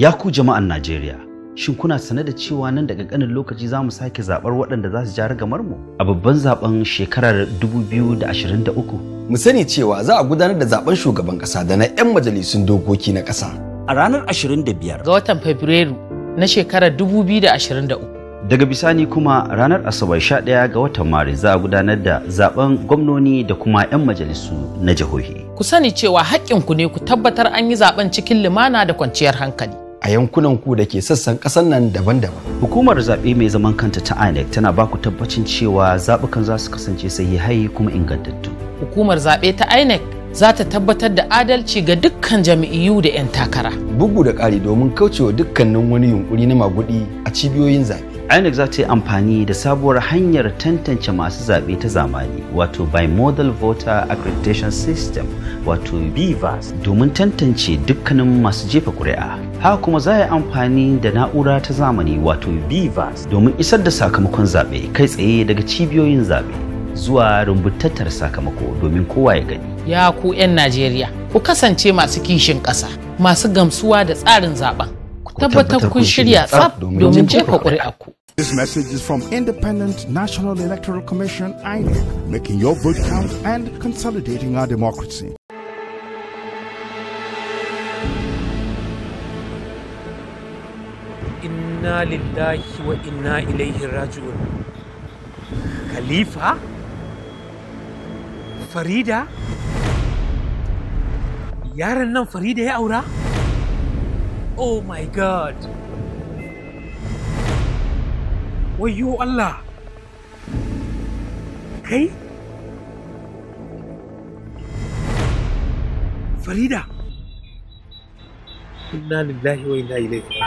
Ya ku jama'an Najeriya, shin kuna sane da cewa nan daga ƙanin lokaci za mu sake zaɓar waɗanda za su ja ragamar mu a babban zaben shekarar 2023? Mu sani cewa za a gudanar da zaben shugaban kasa da na 'yan majalisun dokoki na kasa. A ranar 25 ga watan Fabrairu na shekarar 2023. Daga bisani kuma ranar Asabar 11 ga watan Maris za a gudanar da zaben gwamnoni da kuma 'yan majalisu na jihohi. Ku sani cewa haƙƙinku ne ku tabbatar an yi zaben cikin limana da kwanciyar hankali. a yankunan ku da ke sassan ƙasar nan daban-daban. Hukumar zaɓe mai zaman kanta ta INEC tana baku tabbacin cewa zaɓukan za su kasance sahihai kuma ingantattu. Hukumar zaɓe ta INEC za ta tabbatar da adalci ga dukkan jami'u da 'yan takara. Bugu da ƙari domin kaucewa dukkanin wani yunkuri na maguɗi a cibiyoyin zaɓe. inec za ta yi amfani da sabuwar hanyar tantance masu zaɓe ta zamani wato model voter accreditation system wato bvas domin tantance dukkanin masu jefa ƙuri'a haka kuma za a yi amfani da na'ura ta zamani wato bvas domin isar da sakamakon zaɓe kai tsaye daga cibiyoyin zaɓe zuwa rumbutattar sakamako domin kowa ya gani. Ya ku 'yan Najeriya, ku kasance masu kishin ƙasa, masu gamsuwa da tsarin zaɓen. Ku tabbatar kun shirya tsaf domin jefa ƙuri'a ku. This message is from Independent National Electoral Commission, INEC, making your vote count and consolidating our democracy. Inna lillahi wa inna ilayhi raji'un. Khalifa? Farida? Yaran nan Farida ya aura? Oh my god! wayyo Allah kai Farida inna lillahi wa inna ilaihi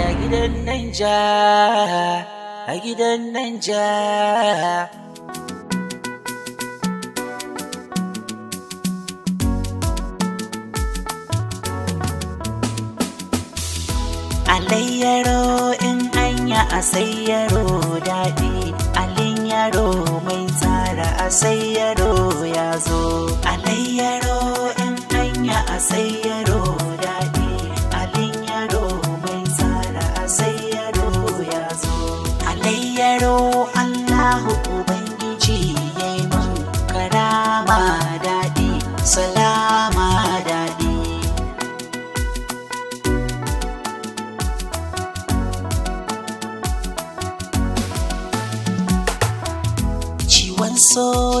a gidan nan ja a gidan nan ja yaro in anya a sai yaro daɗi, alin yaro mai tsara a sai yaro ya zo. Alai yaro in anya a sai yaro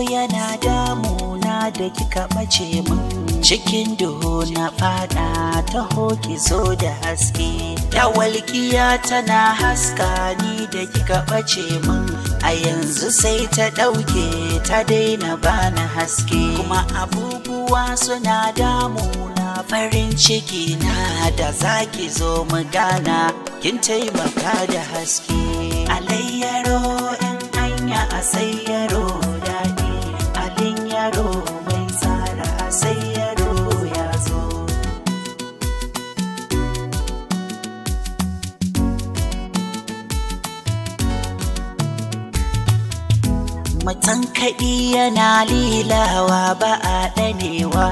yana damu na da kika ɓace min cikin duhu na fada ta hoki so da haske ta walkiya tana haska ni da kika ɓace min a yanzu sai ta ɗauke ta daina bana haske kuma abubuwa suna damuna farin ciki na da zaki zo mu gana kin taimaka da haske alayyaro in anya a sayyaro kaɗi yana lilawa ba a ɗanewa,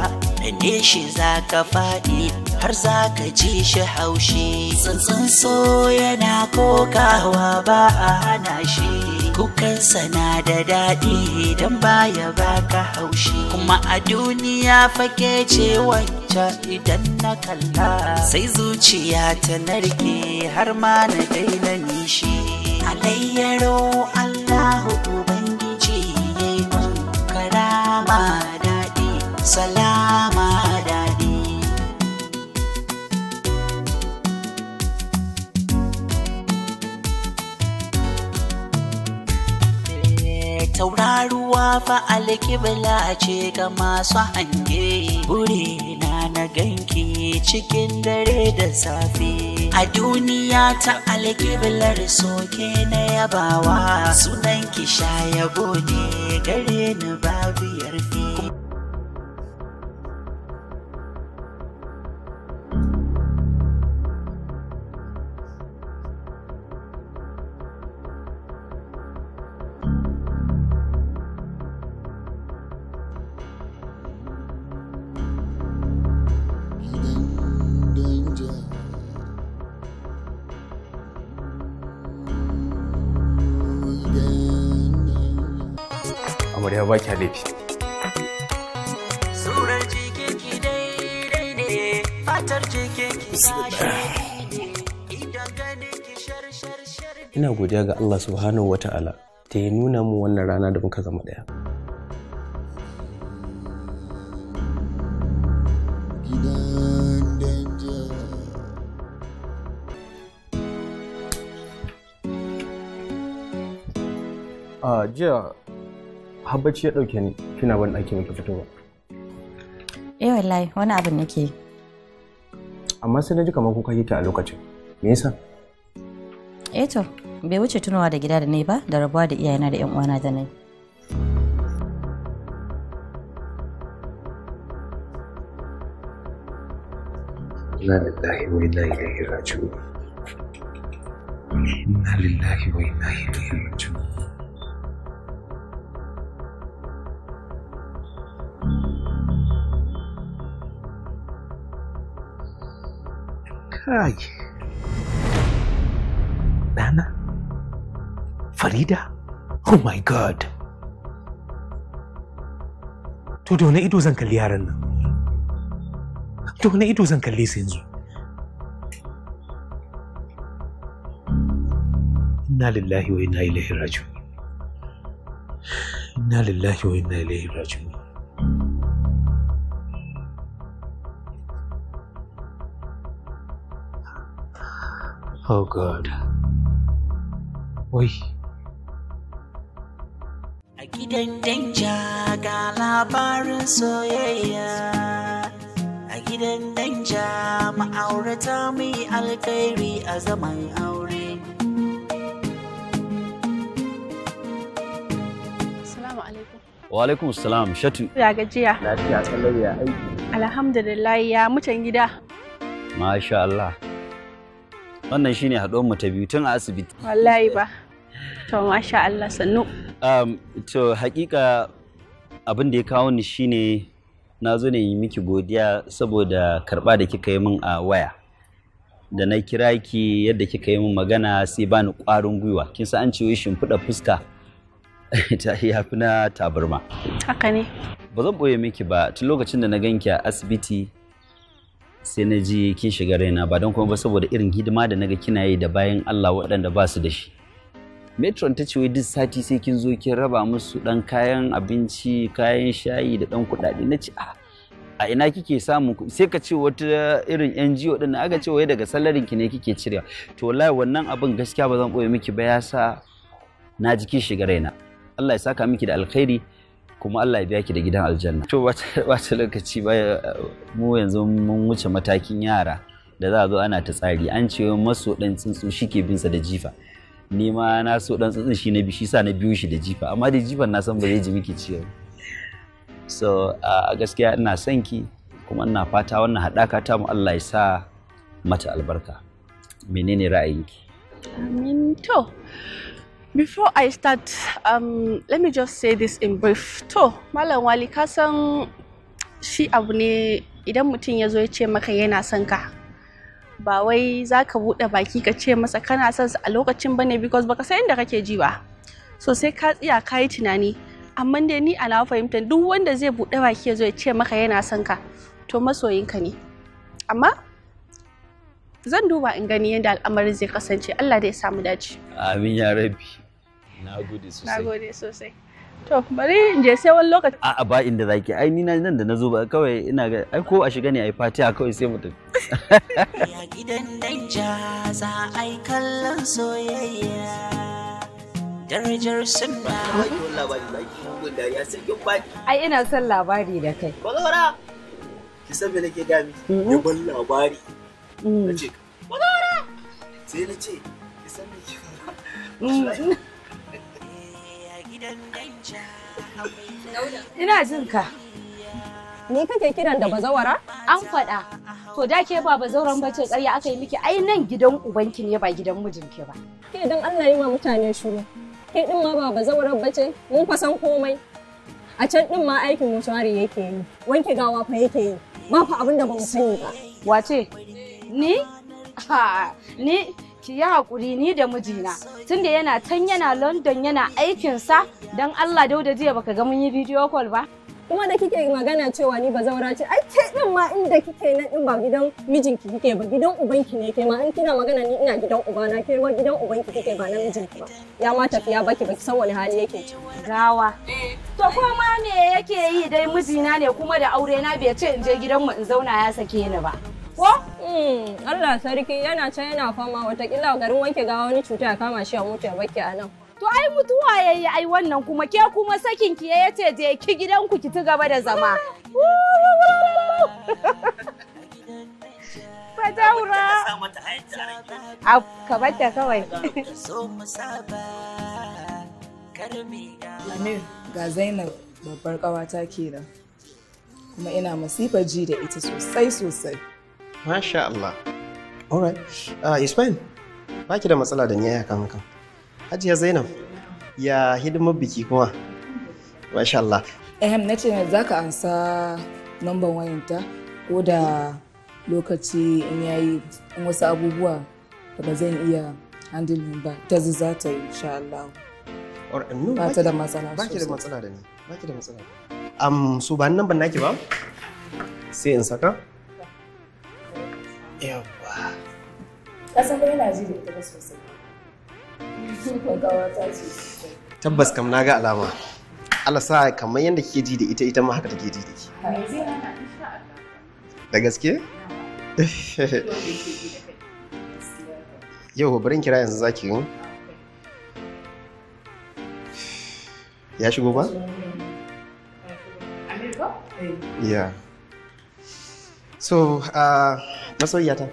da shi za ka faɗi har za ka ji shi haushi. tsuntsun so yana kokawa ba a hana shi, kukansa na da daɗi don baya baka haushi. Kuma a duniya fake ce wancan idan na kalla, sai zuciya ta narke har ma na daina nishi. Alayyaro Allahu Ubai. salama daɗi salama daɗi eh, tauraruwa fa alkibla ce ga masu hange burina cikin dare da safe a duniya ta alƙiblar soke na yabawa sunan ki yabo ne gare na babu yarfi godiya ga Allah subhanahu wata'ala ta yi nuna mu wannan rana da muka zama ɗaya. a jiya habbaci ya ɗauke ni kina ban ɗaki muke fito ba eh wallahi wani abin nake amma sai na ji kamar kuka ta a lokacin me yasa eh to bai wuce tunawa da gida da ne ba da rabuwa da iyayena da yan uwana da nai Na lillahi wa inna ilaihi raji'un inna lillahi na yi ilaihi raji'un kai farida oh my god to da wani ido zan kalli yaran nan to wani ido zan kalli su yanzu inna lillahi wa inna ilaihi raju. inna lillahi wa inna ilaihi raju. oh god wai gidan ga labarin soyayya a gidan danja ma'aurata mai alkairi a zaman aure. Wa alaikum salam shatu. Ya gajiya. Lafiya kalau ya aiki. Alhamdulillah ya mutan gida. Masha Allah. Wannan shine haɗuwar mu ta biyu tun a asibiti. Wallahi ba. To masha Allah sannu. Um, to hakika abin da ya kawo ni shine na zo ne yi miki godiya saboda karba da kika yi min a waya da na kira ki yadda kika yi min magana sai bani ni ƙwarin gwiwa kin san an ce wai shimfiɗa fuska ta yafi na tabarma haka ne ba zan boye miki ba tun lokacin da na ganki a asibiti sai na ji kin shiga raina ba don kuma ba saboda irin hidima da naga kina yi da bayan Allah waɗanda ba su da shi metron ta ce wai duk sati sai kin zo kin raba musu dan kayan abinci kayan shayi da dan kuɗaɗe na ce ah, a ina kike samun sai ka ce wata irin NGO din aka ce wai daga salarin ki ne kike cirewa to wallahi wannan abin gaskiya ba zan boye miki ba ya sa na jiki shiga raina Allah ya saka miki da alkhairi kuma Allah ya biya ki da gidan aljanna to wata lokaci ba mu yanzu mun wuce matakin yara da za a zo ana ta tsari an ce maso dan tsuntsu shike sa da jifa ni ma na so dan tsuntsun shi na bishi sa na biyu shi da jifa amma da jifan na san ba zai ji miki ciwo so a gaskiya ina son ki kuma ina fata wannan haɗaka ta mu Allah ya sa mata albarka menene ra'ayinki amin to before i start um, let me just say this in brief to malam wali ka san shi abu ne idan mutum ya zo ya ce maka yana son ka ba wai za ka buɗe baki ka ce masa kana son sa a lokacin bane because baka san inda kake ji ba so sai ka tsaya ka yi tunani amma dai ni ana fahimtar duk wanda zai buɗe baki ya zo ya ce maka yana son ka to masoyinka ne amma zan duba in gani yadda al'amarin zai kasance Allah da samu dace amin ya rabi na gode sosai na gode sosai To bari in je sai wani lokaci. A'a ba inda zaki ai ni nan da na zo ba kawai ina ga ai ko a shiga ne ai fatiha kawai sai mu tafi. Ya gidan danja za a yi kallon soyayya. Darajar sunna. Ai ina son labari da kai. Kwalora! Ki san me nake gami? Mm-hmm. Ya ban labari. Mm. Na ce, Kwalora! Sai na ce, ki san me ki faru. Mm. Eh, ina jin ka. Ni kake kiran da bazawara? An faɗa. To da ke ba bazauran bace ƙarya aka yi miki ai nan gidan ubanki ne ba gidan mijinki ba. Ke dan Allah yi ma mutane shiru. Ke din ma ba bazawarar bace mun san komai. A can din ma aikin mutuwari yake yi. Wanke gawa fa yake yi. Ba fa abin da ba mu sani ba. Wace? Ni? ni ki yi hakuri ni da mijina tunda yana tan yana london yana aikinsa dan allah dauda jiya baka ga mun yi bidiyo call ba kuma da kike magana cewa ni ba zaura ce ai ke din ma inda kike nan din ba gidan mijinki kike ba gidan ubanki ne ke ma an kina magana ni ina gidan ubana ke wa gidan ubanki kike ba na mijinki ba ya ma tafiya baki baki san wani hali yake ci gawa to ko ma me yake yi dai mijina ne kuma da aure na bai ce in je gidan mu in zauna ya sake ni ba ko hmm, Allah sarki yana can yana fama watakila garin wanke gawa wani cuta ya kama shi a mota ya baki a nan To ai mutuwa ya yi ai wannan kuma ke kuma sakin ki ya ce je ki gidanku ki ci gaba da zama. Fadaura. A kamar kawai. Amir ga Zainab babbar ƙawata kenan. Kuma ina masifar ji da ita sosai sosai. Masha Allah. Alright, uh, it's fine. Ba ki da matsala da ni ya kan hakan. Hajiya Zainab, ya hidimar biki kuma? Masha Allah. Ehem, na ce za ka ansa namban wayanta ko da lokaci in yayi in wasu abubuwa da ba zan iya handling ba ta za ta yi insha Allah. Eh, ba ta da matsala Ba ki da matsala da ni. Ba ki da matsala. Am su ba namban naki ba? Sai in saka? yawa kasan ba yana ji da ita ba sosai. Tabbas kam na ga alama. Allah sa kamar yadda kike ji da ita ita ma haka take ji da ki. Da gaske? Yau barin kira yanzu zaki yi. Ya shigo ba? Yeah. So, uh, masoyiyata.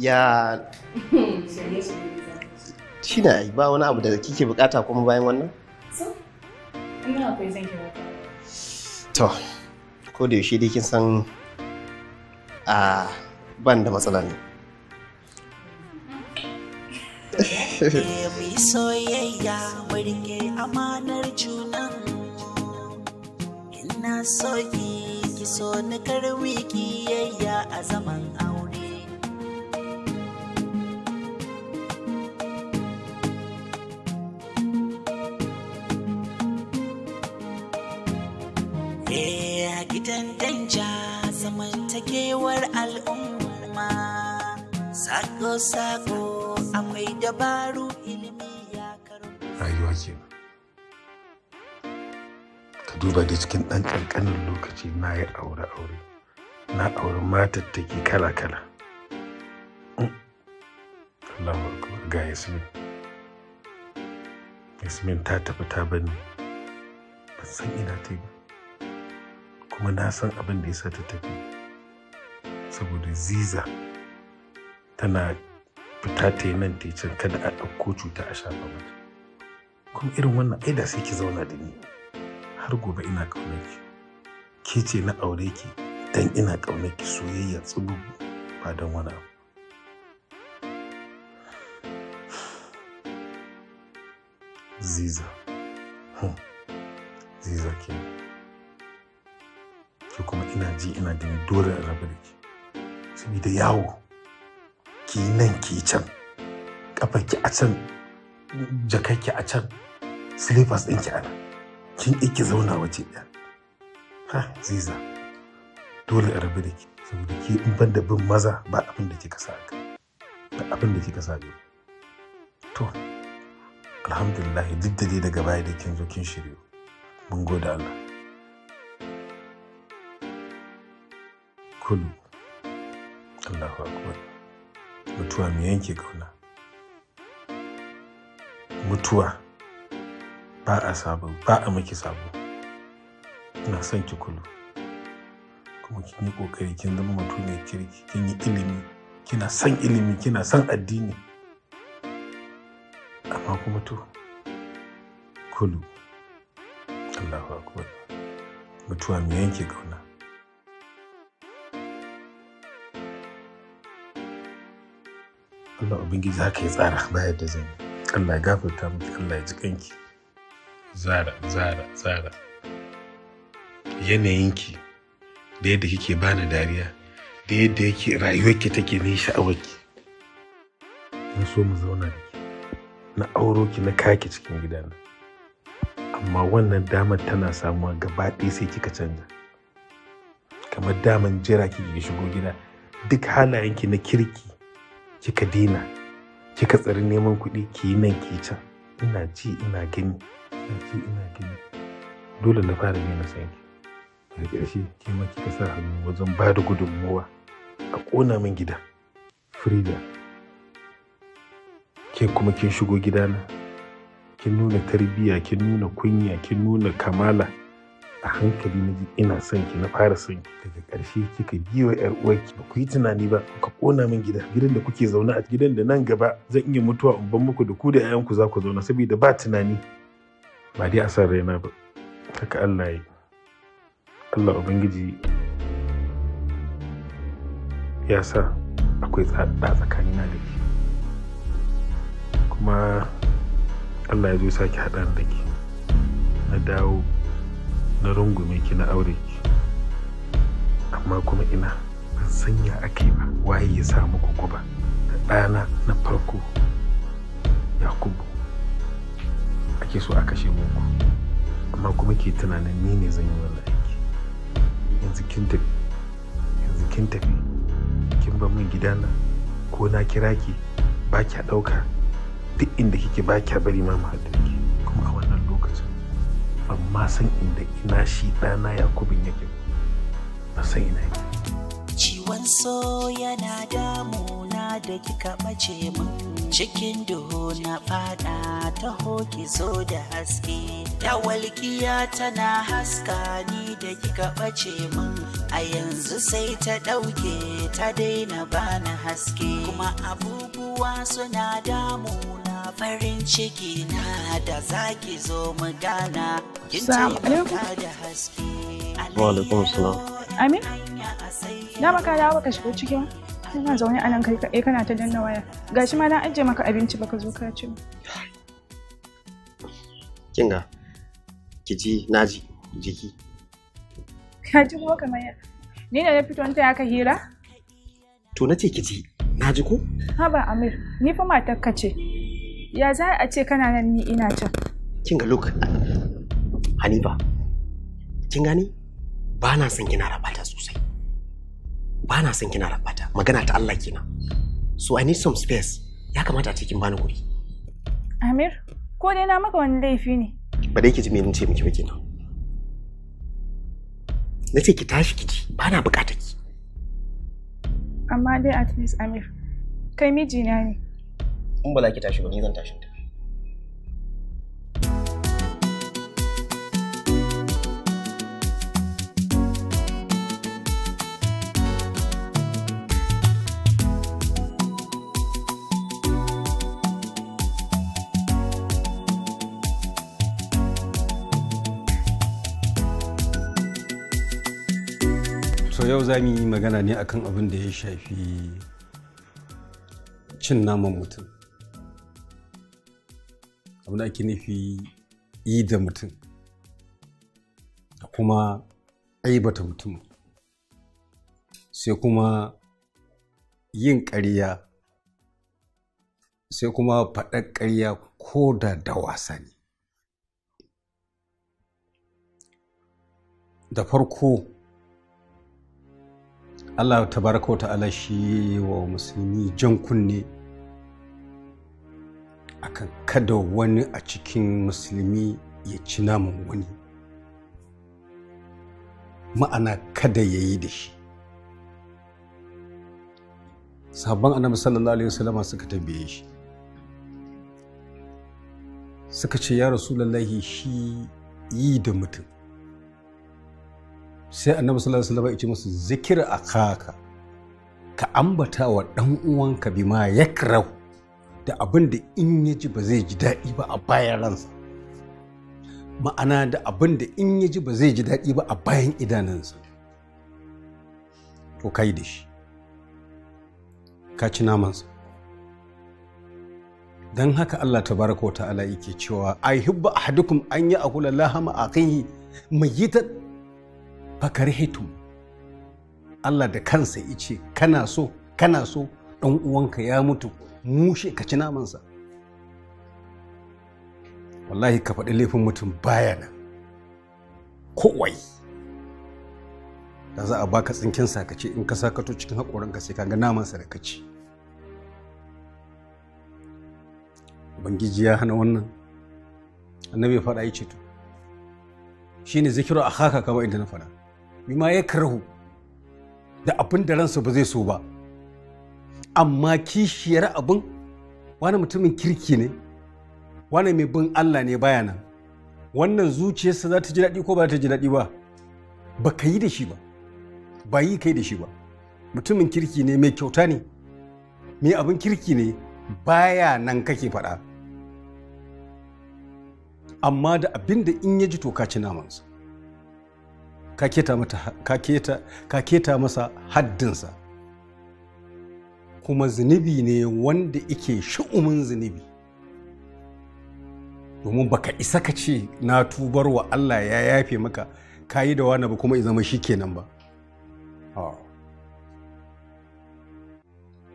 Ya shina na ba wani abu da kike bukata kuma bayan wannan? ina akwai zan kira to ko da yaushe dai kin san a ban da matsala ne mai soyayya warke amanar juna ina so ki so na karwiki kiyayya a zaman a a gidan danja zamantakewar al'umma sako-sako akwai dabaru ilimi ya rayuwa ke ka duba da cikin ɗan ƙanƙanin lokaci na yi aure-aure na aure matar take kala-kala mm. Allah ga yasmin yasmin ta tafi ta bani ban san ina ta yi ba. kuma na san abin da ya sa ta tafi saboda ziza tana fita ta yi nan ta yi can kada a ɗauko cuta a shafa mata kuma irin wannan ai da sai ki zauna da ni har gobe ina ƙaunar ki ke ce na aure ki dan ina ƙaunar ki soyayya tsubu ba don wani abu Ziza. Hmm. Ziza kenan. ke kuma ina ji ina gani dole in rabu da ke saboda yawo ki nan ki can ki a can ki a can slippers ki ana kin ki zauna waje ɗaya ha ziza dole in rabu da ke saboda ke in ban da bin maza ba abin da kika sa ba abin da kika sa to alhamdulillah duk da dai daga baya da kin zo kin shirya mun gode Allah kudu allahu akbar mutuwa me yake kauna mutuwa ba a sabu ba a maki sabo ina son ki kulu, kuma kin yi kokari kin zama mutum mai kirki kin yi ilimi kina son ilimi kina son addini amma kuma to kulu allahu akbar mutuwa me yake kauna Allah Ubangiji haka ya tsara ba yadda zan yi. Allah ya gafarta miki Allah ya ji kanki. Zara, Zara, Zara. Yanayinki da yadda kike bani dariya, da yadda yake rayuwarki take ne sha'awarki. Na so mu zauna da Na auro ki na kaki cikin gidana. Amma wannan damar tana samuwa gaba ɗaya sai kika canza. Kamar daman jira kike shigo gida duk halayenki na kirki kika dina kika tsari neman kuɗi ki yi nan ki can ina ji ina gani ina ji ina gani dole na fara nuna san ki a ƙarshe ki ma kika sa hannu wajen ba da gudunmuwa a ƙona min gida frida ke kuma kin shigo gidana kin nuna tarbiyya kin nuna kunya kin nuna kamala a hankali na ji ina son ki na fara son ki daga ƙarshe kika yi yar uwarki ba ku yi tunani ba ka kona min gida gidan da kuke zauna a gidan da nan gaba zan iya mutuwa in ban muku da ku da ƴaƴanku za ku zauna saboda ba tunani ba dai a san raina ba haka Allah ya Allah ubangiji ya sa akwai tsada tsakanina da ke kuma Allah ya zo sake haɗa da ke na dawo na rungume ki na aure ki amma kuma ina ban sanya ake ba waye ya sa muku guba da ɗana na farko yakubu ake so a kashe muku amma kuma ke tunanin ni ne zan yi wannan aiki yanzu kin tafi yanzu kin tafi kin ba min gidana ko na kira ki ba kya ɗauka duk inda kike ba kya bari ma mu ki kuma a wannan Amma san inda ina shi ɗana yakubin yake ba san ina yake ciwon so yana damuna da kika ɓace min cikin duhu na fada ta hoki so da haske ta walkiya tana haska ni da kika ɓace min a yanzu sai ta ɗauke ta daina bana haske kuma abubuwa suna damuna farin ciki na da zaki zo mu gana kin taimaka da haske wa alaikum salam amin da maka dawo ka shigo cikin kana zaune a nan kana ta danna waya gashi ma na ajiye maka abinci baka zo ka ci kinga kiji ji naji jiki ka ji ko kamar ya ni ne na fito ta ya ka hira to nace kiji ji naji ko haba amir ni fa matar ka ce ya za a ce kana nan ni ina can kin ga look hanifa kin gane ba na son kina rabata sosai ba na son kina rabata magana ta Allah kina so i need some space ya kamata a ce kin bani guri amir ko dai na maka wani laifi ne ba dai ki ji me ce miki ba kenan na ce ki tashi ki ji ba na bukata ki amma dai at least amir kai mijina ne in ba za ki tashi ba ni zan tashi ta yau za mu yi magana ne akan abin da ya shafi cin naman mutum abin da ake nufi yi da mutum da kuma aibata mutum sai kuma yin ƙarya sai kuma faɗar ƙarya ko da da wasa ne da farko Allah ta baraka wa ta'ala shi wa musulmi jan kunne akan kada wani a cikin musulmi ya ci naman wani ma'ana kada ya yi da shi sabon annabi sallallahu alaihi wasallama suka tambaye shi suka ce ya rasulallahi shi yi da mutum sai annabi sallallahu alaihi wasallama ya ce musu zikir a kaka ka ambata wa ɗan uwanka bima yakrahu da abin da in ya ji ba zai ji daɗi ba a bayan ransa ma'ana da abin da in ya ji ba zai ji daɗi ba a bayan idanunsa to kai da shi ka ci namansa don haka Allah ta baraka wa ta'ala yake cewa a yi hibba a hadukun an yi akula lahama a kai mayitan fakarhitum Allah da kansa ice kana so kana so ɗan uwanka ya mutu mushe ka ci namansa wallahi ka faɗi laifin mutum baya nan kowai da za a baka tsinkin sakace in ka sakato cikin haƙoranka sai ka ga namansa da ka ci ubangiji ya hana wannan annabi ya faɗa ya to shi ne zikiru a haka kamar inda na faɗa bima ya da abin da ransa ba zai so ba amma kishiyar abin wani mutumin kirki ne wani mai bin allah ne baya wannan zuciyarsa za ta ji daɗi ko ba ta ji daɗi ba ba ka yi da shi ba ba yi kai da shi ba mutumin kirki ne mai kyauta ne mai abin kirki ne baya nan kake faɗa amma da abin da in ya ji to ka ci namansa ka keta masa haddinsa kuma zunubi ne wanda ike sha'umin zunubi domin baka isa ka ce na tubar wa Allah ya yafe maka ka yi da wani ba kuma zama shi kenan ba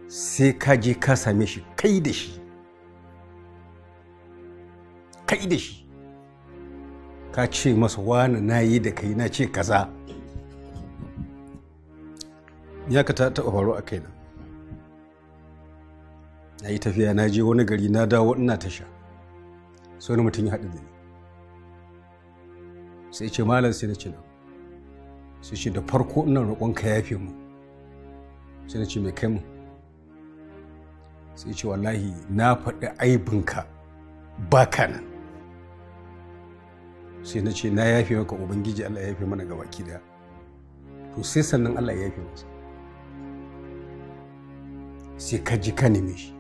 sai ka je ka same shi kai da shi kai da shi ka ce masa wani na yi da kai na ce kaza ya ka ta faru a kai kaina na yi tafiya na je wani gari na dawo ina ta sha sai wani mutum ya haɗu da ni sai ce malam sai na ce na sai ce da farko ina roƙon ka yafe mu sai na ce mai kai mu sai ce wallahi na faɗi aibinka ba ka nan sai na ce na yafe maka ubangiji allah ya yafe mana ga baki daya to sai sannan allah ya yafe masa sai ka ji ka neme shi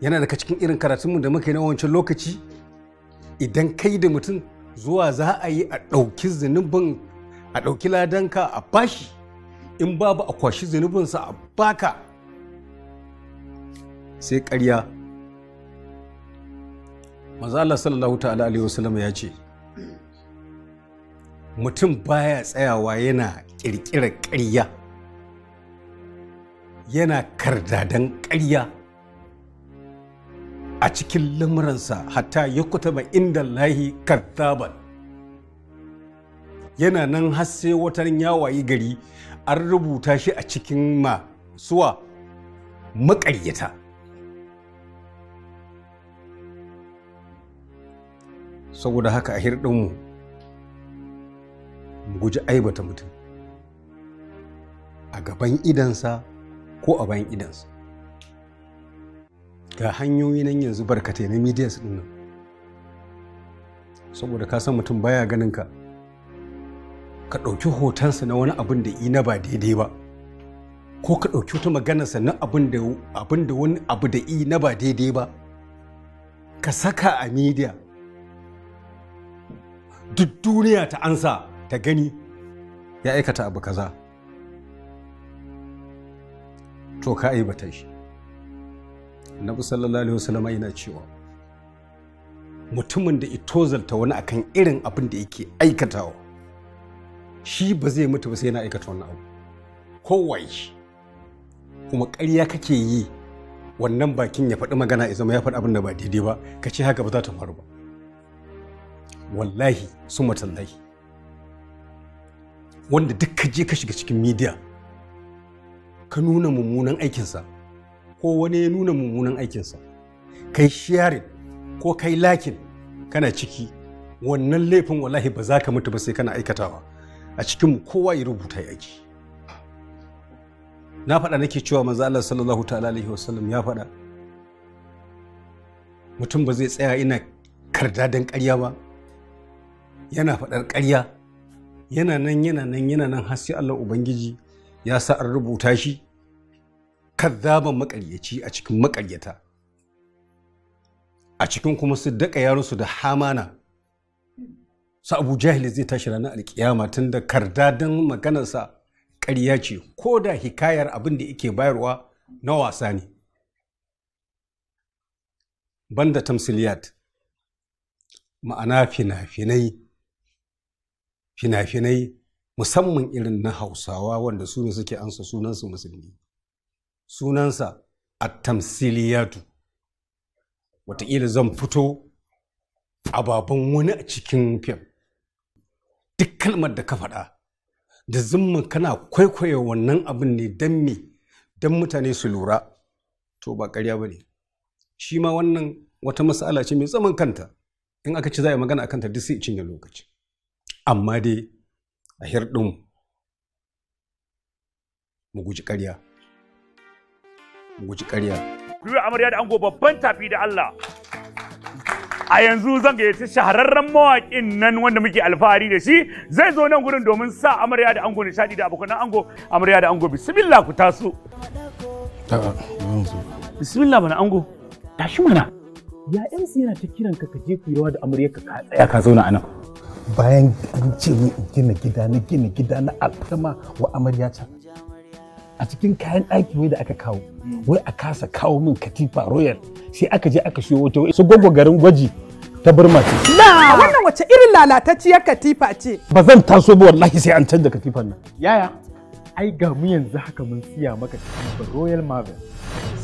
yana daga cikin irin karatunmu da muka yi na wancan lokaci idan kai da mutum zuwa za a yi a ɗauki zunubin a ɗauki ladanka a bashi in babu a kwashi zunubinsa a baka sai ƙarya maza Allah sallallahu ta'ala alaihi wasallam ya ce mutum baya tsayawa yana ƙirƙirar ƙarya yana kardadan ƙarya a cikin lamuransa hatta ya kutaba inda lahi ba, yana nan har sai watan yawayi gari an rubuta shi a cikin masuwa maƙaryata saboda haka a hirɗinmu guji aibata mutum a gaban idansa ko a bayan idansa Da hanyoyi nan yanzu barkatai na medias din nan saboda ka san mutum baya ganin ka ka ɗauki hotonsa na wani abin da ina ba daidai ba ko ka ɗauki wata maganarsa na abin da wani abu da ina ba daidai ba ka saka a media duk duniya ta ansa ta gani ya aikata abu kaza to ka aibata shi annabi sallallahu alaihi wasallam yana cewa mutumin da tozalta wani akan irin abin da yake aikatawa shi ba zai mutu ba sai yana aikata wannan abu kowai kuma ƙarya kake yi wannan bakin ya faɗi magana ya zama ya faɗi abin da ba daidai ba ka ce haka ba za ta faru ba wallahi su matallahi wanda duk ka je ka shiga cikin midiya ka nuna mummunan aikinsa ko wani ya nuna mummunan aikinsa kai sharing ko kai lakin kana ciki wannan laifin wallahi ba za ka mutu ba sai kana aikatawa a cikinmu kowa ya rubuta ya aiki na faɗa nake cewa manzo Allah sallallahu ta'ala alaihi wasallam ya faɗa mutum ba zai tsaya ina karda dan ƙarya ba yana faɗar ƙarya yana nan yana nan yana nan har sai Allah ubangiji ya sa an rubuta shi kazzaban makaryaci a cikin makaryata a cikin kuma su daka yaransu da hamana su abu jahili zai tashi ranar alkiyama tun da kardadan maganarsa ƙarya ce ko da hikayar abin da yake bayarwa na wasa ne banda tamsiliyat ma'ana fina-finai fina-finai musamman irin na hausawa wanda su ne suke ansa sunansu musulmi sunansa a tamsiliyatu wataƙila zan fito ababen wani a cikin fim duk kalmar da ka faɗa da zumman kana kwaikwayo wannan abin ne don me don mutane su lura to ba karya ba ne shi ma wannan wata matsala ce mai tsaman kanta in aka ci za a yi magana a kanta duk sai cinye lokaci amma dai a hirɗin mu guji karya. guji ƙarya. Ku amarya da ango babban tafi da Allah. a yanzu zan gayyaci shahararren mawaƙin nan wanda muke alfahari da shi zai zo nan gurin domin sa amarya da ango nishadi da abokan ango amarya da ango bismillah ku taso bismillah bana ango tashi mana ya yan yana ta kiran ka je ku yawa da amarya ka tsaya ka zauna a nan. bayan an ce mu gina gida na gina gida na alfama wa amarya can. a cikin kayan ɗaki wai da aka kawo wai a kasa kawo min katifa royal sai aka je aka siyo wata su gwagwa garin gwaji ta burma ce. Na wannan wace irin lalatacciyar katifa ce. Ba zan taso ba wallahi sai an canza katifan nan. Yaya ai ga mu yanzu haka mun siya maka katifar Royal Marvel.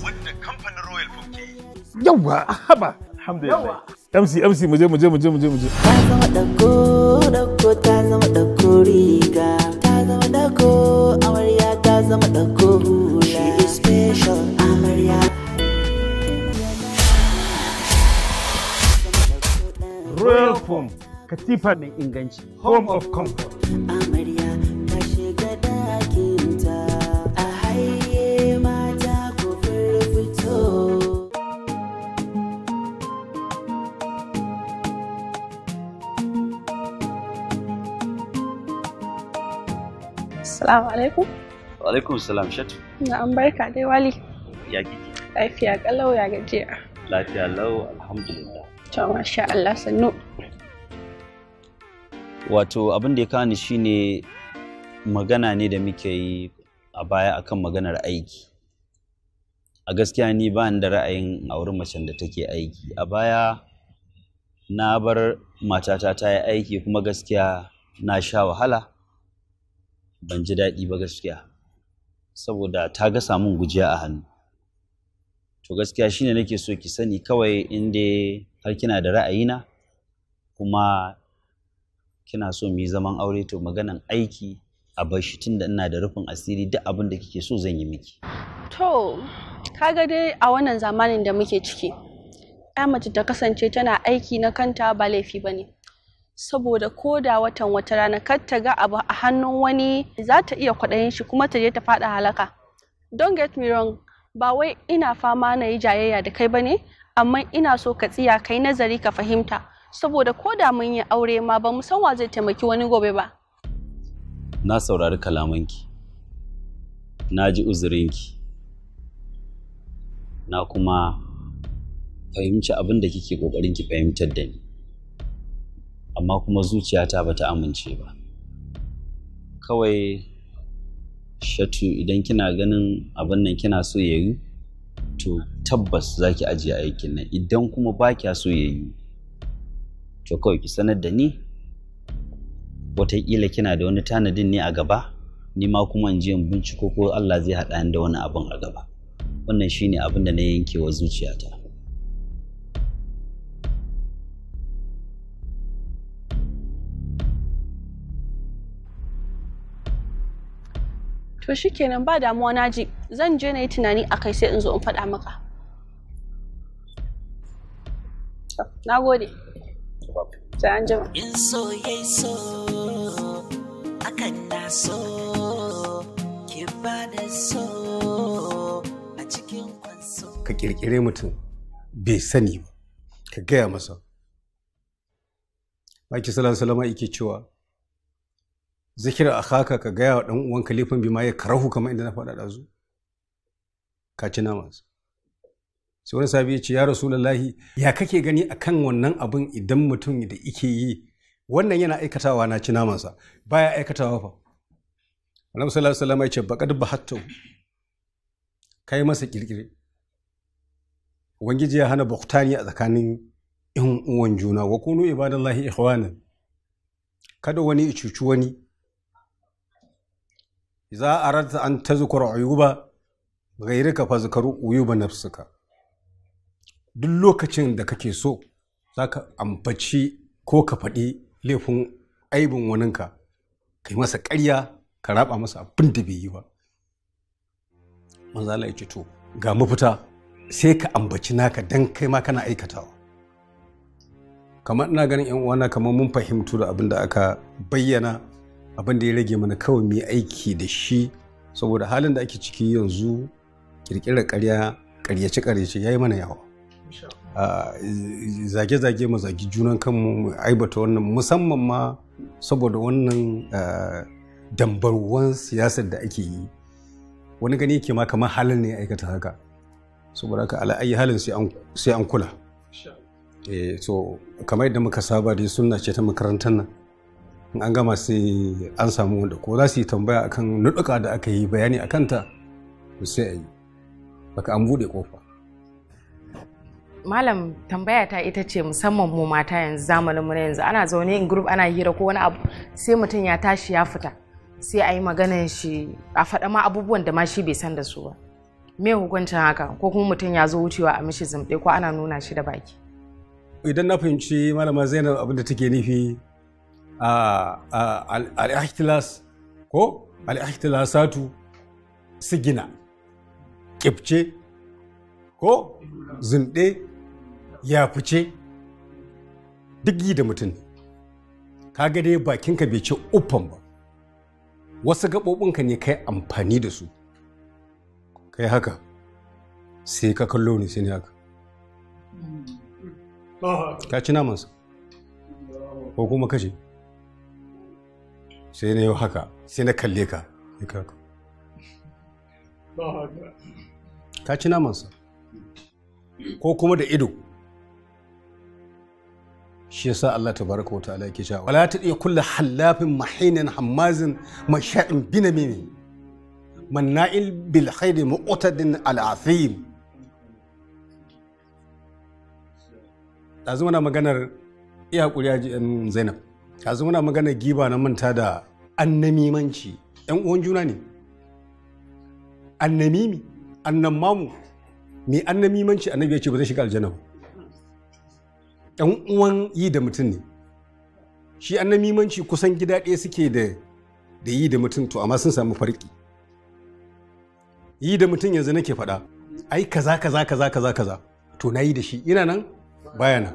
Wanda kamfanin Royal Pop ke yi. Yawwa haba. Alhamdulillah. MC MC mu je mu je mu je mu je mu je. Ta zama dako dako ta zama dako riga ta zama dako amarya. zama da she is katifa inganci home of comfort ta a haye mata fito Assalamu alaikum. Wa alaikum salam Shatu. Na'am barka dai Wali. Ya gidi Lafiya kalau ya gajiya. Lafiya lau alhamdulillah. To masha Allah sannu. Wato abin da ya kawo ni shine magana ne da muke yi a baya akan maganar aiki. a gaskiya ni ba da ra'ayin wurin macen da take aiki a baya na bar matata ta yi aiki kuma gaskiya na sha wahala ban ji daɗi ba gaskiya saboda ta ga samun gujiya a hannu to gaskiya shine nake so ki sani kawai in dai har kina da ra'ayina kuma kina so mu yi zaman aure to maganan aiki a bar shi tunda ina da rufin asiri duk abin da kike so zan yi miki to kaga dai a wannan zamanin da muke ciki ya mace ta kasance tana aiki na kanta ba laifi bane saboda ko da watan wata rana kar ta ga abu a hannun wani za ta iya kwaɗayin shi kuma ta je ta faɗa halaka don get me wrong ba wai ina fama na yi jayayya da kai bane amma ina so ka tsiya kai nazari ka fahimta saboda ko da mun yi aure ma ba mu san wa zai taimaki wani gobe ba na saurari kalamanki na ji uzurinki na kuma fahimci abin da kike ƙoƙarin ki fahimtar da ni amma kuma zuciyata ba ta amince ba kawai shatu idan kina ganin abin nan kina so ya yi to tabbas za ki ajiye aikin nan idan kuma ba kya so ya yi to kawai ki sanar da ni wataƙila kina da wani tanadin ne a gaba ni ma kuma in je in binciko ko Allah zai haɗa da wani abin a gaba wannan shine abin da na yanke wa zuciyata to kenan ba damuwa na ji zan je na yi tunani a kai sai in zo in faɗa maka na gode sai an jima in so so akan na so ke ba da so a cikin kwanso ka kirkire mutum bai sani ba ka gaya masa Maki sallallahu alaihi ike cewa zikira a haka ka gaya wa ɗan uwan kalifan bi ma ya karahu kamar inda na faɗa ɗazu ka ci namansa sai wani sabi ya ce ya rasulullahi ya kake gani akan wannan abin idan mutum da ike yi wannan yana aikatawa na ci namansa baya aikatawa fa annabi sallallahu alaihi wasallam ya ce baqad bahattu kai masa kirkire ubangiji ya hana buktani a tsakanin yan uwan juna wa kunu ibadallahi ikhwana kada wani ya cuci wani Za a rata an fa uyuba ghayrika fazkaru uyuba suka. duk lokacin da kake so Za ka ambaci ko ka faɗi laifin aibin waninka ka yi masa karya ka raba masa abin da bai yi ba manzala ya ce to ga mafita sai ka ambaci naka dan kai ma kana aikatawa kamar ina ganin yan uwana kamar mun fahimtu da abin da aka bayyana abin da ya rage mana kawai mu aiki da shi saboda halin da ake ciki yanzu kirkirar karya karyace karyace ya yi mana yawa ah, zage-zage mu zagi junan kanmu mu aibata wannan musamman ma saboda wannan ah, dambarwan siyasar da ake yi wani gani yake ma kamar halin ne aikata haka saboda haka ala'ayi halin sai an kula eh, so kamar yadda muka saba da suna ce ta makarantar nan an gama sai an samu wanda ko za su yi tambaya akan nuɗuka da aka yi bayani a kanta to sai a yi baka an bude kofa. malam tambaya ta ita ce musamman mu mata yanzu zamanin mu na yanzu ana zaune in group ana hira ko wani abu sai mutum ya tashi ya fita sai a yi maganar shi a faɗa ma abubuwan da ma shi bai san da su ba me hukuncin haka ko kuma mutum ya zo wucewa a mishi zumɗe ko ana nuna shi da baki idan na fahimci malama zainab abin da take nufi al’ahtilas ko al’ahtilasatu sigina ƙibce ko zunde ya fice duk yi da mutum kaga dai bakinka bai ce uffan ba wasu gaɓoɓinka ne kai amfani da su kai haka sai ka kallo ne sai ne haka ka ci namansa ko kuma kashe sai na yi haka sai na kalle ka ka ci namansa ko kuma da ido shi yasa Allah ta tabaraka wa ta'ala yake cewa wala ta iya kullu hallafin mahinin hammazin masha'in binamimi manna'il bil khairi mu'tadin al'athim ɗazu na maganar iya ƙuriya Zainab yanzu muna magana giba na manta da annamimanci yan uwan juna ne annamimi annamamu mai annamimanci annabi ya ce ba zai shiga aljanna ba yan uwan yi da mutum ne shi annamimanci kusan gida ɗaya suke da da yi da mutum to amma sun samu farki yi da mutum yanzu nake faɗa ai kaza kaza kaza kaza kaza to na yi da shi ina nan baya nan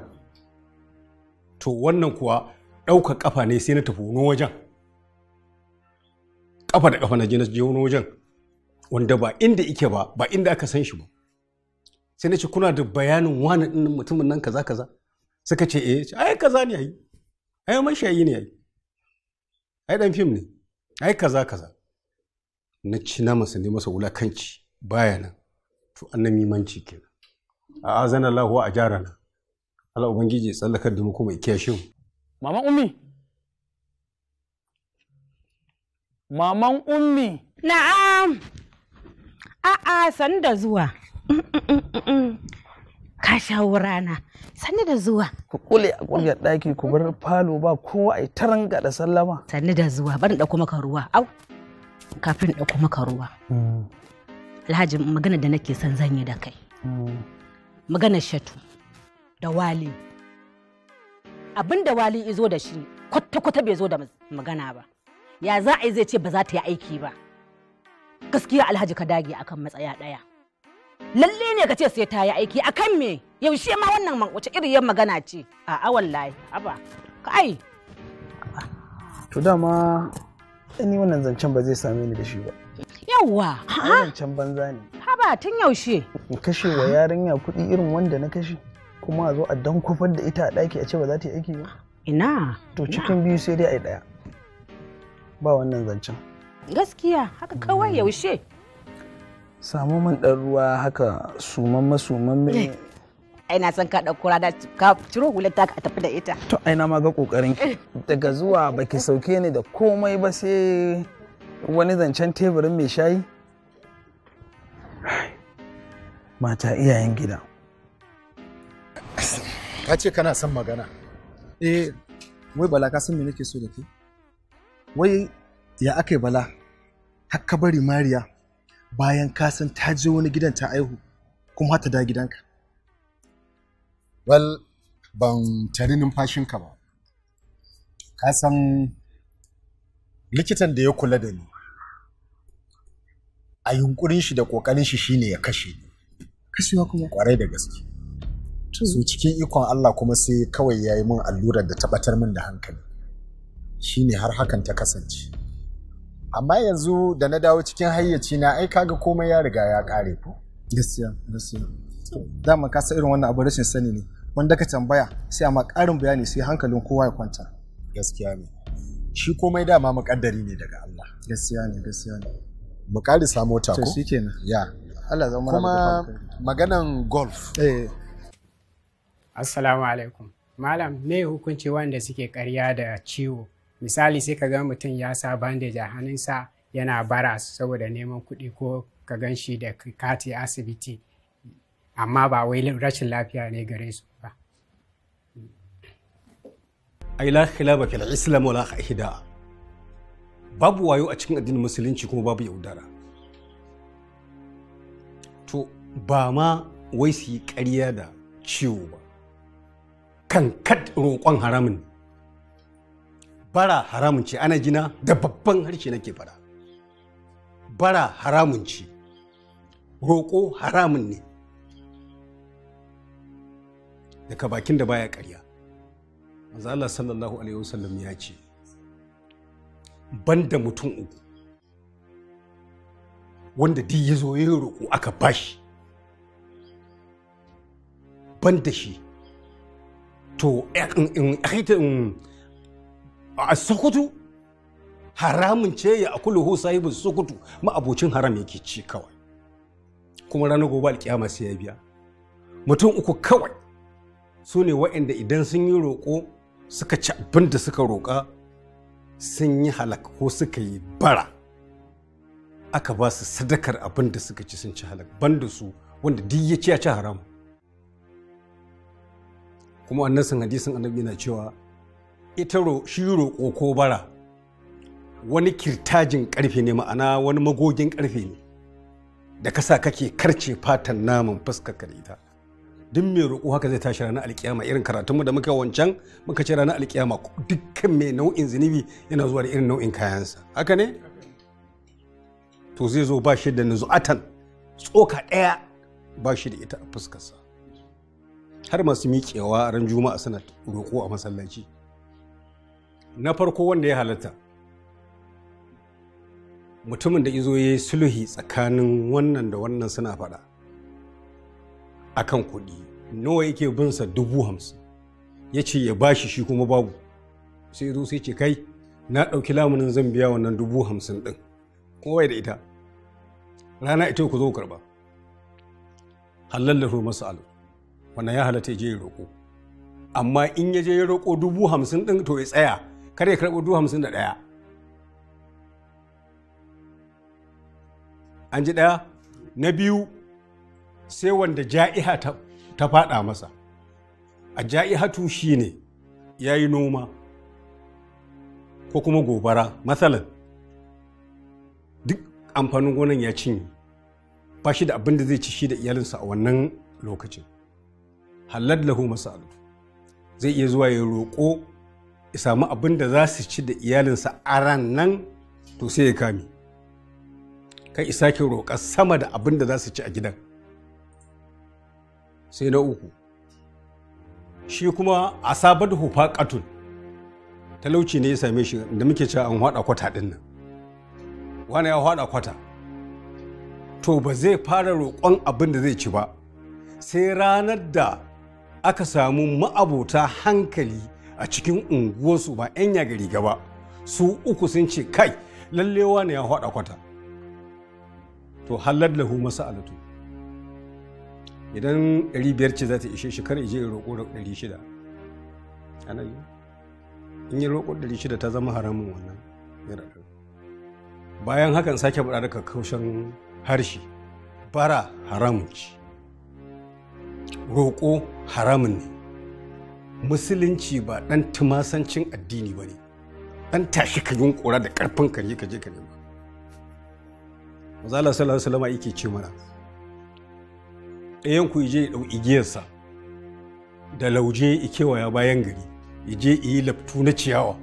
to wannan kuwa ɗaukar ƙafa ne sai na tafi wani wajen ƙafa da ƙafa na je na je wani wajen wanda ba inda ike ba ba inda aka san shi ba sai na ce kuna da bayanin wani ɗin mutumin nan kaza kaza suka ce eh ai kaza ne ai ai shayi ne ai ai dan fim ne ai kaza kaza na ci na masa ne masa wulakanci baya nan to annabi manci kenan a azana lahu a jarana Allah ubangiji ya tsallakar da mu kuma ya mu maman ummi maman ummi na'am a'a sani da zuwa ka shawo rana sanni da zuwa ku kule a ƙungiyar daki ku bar falo ba kowa ai taranga da sallama sanni da zuwa bari da kuma ruwa au kafin da kuma ruwa alhaji magana da nake son zan yi da kai mm. magana shatu da wali abin da wali izo da shi kwata-kwata bai zo da magana ba ya za a yi zai ce ba za ta yi aiki ba gaskiya alhaji ka dage akan matsaya ɗaya lalle ne ka ce sai ta yi aiki akan me yaushe ma wannan wace iriyar magana ce a wallahi aba kai to dama ni wannan zancen ba zai same ni da shi ba yawwa ha zancen banza ne haba tun yaushe kashe wa yarinya kuɗi irin wanda na kashe kuma a zo a dan kufar da ita a ɗaki a ce ba za ta yi aiki ba ina to cikin biyu sai dai a yi ɗaya ba wannan zancen gaskiya haka kawai yaushe samu man ɗan ruwa haka suman masuman mai eh, aina san ka ɗauko rana ka ciro hular ta ka tafi da ita to aina ma ga ƙoƙarin eh. daga zuwa baki sauke ni da komai ba sai wani zancen teburin mai shayi mata iyayen gida ka ce kana son magana eh wai bala ka san me nake so da kai wai ya akai bala har ka bari mariya bayan ka san ta je wani gidan ta aihu kuma ta da gidanka well ban tari ka ba ka san likitan da ya kula da ni a yunkurin shi da kokarin shi shine ya kashe ni kashewa kuma kwarai da gaske su cikin ikon Allah kuma sai kawai ya yi min allurar da tabbatar min da hankali shi ne har hakan ta kasance amma yanzu da na dawo cikin hayyaci na ai kaga komai ya riga ya kare ko gaskiya gaskiya dama ka san irin wannan abu rashin sani ne wanda ka tambaya sai amma ƙarin bayani sai hankalin kowa ya kwanta gaskiya ne shi komai dama muƙaddari ne daga Allah gaskiya ne gaskiya ne mu ƙarisa mota ko to shikenan ya Allah zama kuma maganan golf eh assalamu alaikum malam me hukunci wanda suke karya da ciwo misali sai ka ga mutum ya sa bandage a hannunsa yana bara saboda neman kuɗi ko ka gan shi da kati asibiti amma ba wai rashin lafiya ne gare su ba ai khilaba kal islam wala khida babu wayo a cikin addinin musulunci kuma babu yaudara to ba ma wai su yi ƙarya da ciwo ba kan kad roƙon haramun bara haramun ce ana jina da babban harshe nake fara bara haramun ce roƙo haramun ne daga bakin da baya karya. maza Allah sallallahu alaihi wasallam ya ce banda mutum uku wanda duk ya zo ya roƙo aka bashi ban da shi to eh, a sokoto haramun ce ya akuluhu sahibin sokoto ma'abocin haram yake ci kawai kuma ranar gobe alkiyama sai ya biya mutum uku kawai su ne wa'anda idan sun yi roƙo suka ci abin da suka roƙa sun yi halak ko suka yi bara aka ba su sadakar abin da suka ci sun ci halak banda su wanda duk ya ci ya ci haramun kuma annasin hadisin annabi na cewa ita shi roƙo ko bara wani kirtajin karfe ne ma'ana wani magogin karfe ne da kasa kake karce fatan naman fuskar ka da ita duk mai roƙo haka zai tashi ranar alƙiyama irin karatun mu da muka wancan muka ce ranar alƙiyama dukkan mai nau'in zunubi yana zuwa da irin nau'in kayansa haka ne to zai zo ba shi da nuzu'atan tsoka ɗaya ba shi da ita a fuskarsa har masu miƙewa ran juma'a suna roƙo a masallaci na farko wanda ya halatta mutumin da izo ya yi sulhi tsakanin wannan da wannan suna faɗa a kan kuɗi nawa yake binsa dubu hamsin ya ce ya bashi shi kuma babu sai zo sai ce kai na ɗauki lamunin zan biya wannan dubu hamsin ɗin kowai da ita rana ita ku zo karɓa halallar masu alu wannan ya halatta je ya roƙo amma in ya je ya roƙo dubu hamsin ɗin to ya tsaya kar ya karɓi dubu hamsin da ɗaya an ji ɗaya na biyu sai wanda ja'iha ta faɗa masa a ja'ihatu shi ne ya yi noma ko kuma gobara matsalan duk amfanin gonan ya cinye ba shi da abin da zai ci shi da iyalinsa a wannan lokacin halal lahu masalu zai iya zuwa ya roƙo ya samu abin da za su ci da iyalinsa a ran nan to sai ya kame kai isa ke roƙa sama da abin da za su ci a gidan sai na uku shi kuma a sabar hufaƙatun talauci ne ya same shi da muke cewa an haɗa kwata ɗin nan wani ya haɗa kwata to ba zai fara roƙon abin da zai ci ba sai ranar da aka samu ma'abota hankali a cikin unguwarsu ba 'yan yagari gaba su uku sun ce kai lallewa ne ya haɗa kwata to halar lahu masa'alatu idan 500 ce za ta ishe shi kar ije ya roƙo 600 a yi in yi roƙo 600 ta zama haramun wannan bayan hakan sake buɗa daga kaushen harshe bara haramun ci roƙo haramun ne musulunci ba ɗan tumasancin addini ba ne ɗan tashi ka yunkura da ƙarfin ka ka je ka nema mazala sallallahu alaihi wasallam yake ce mana ɗayan ku je ya ɗau igiyarsa da lauje ya kewaya bayan gari ya je yi laftu na ciyawa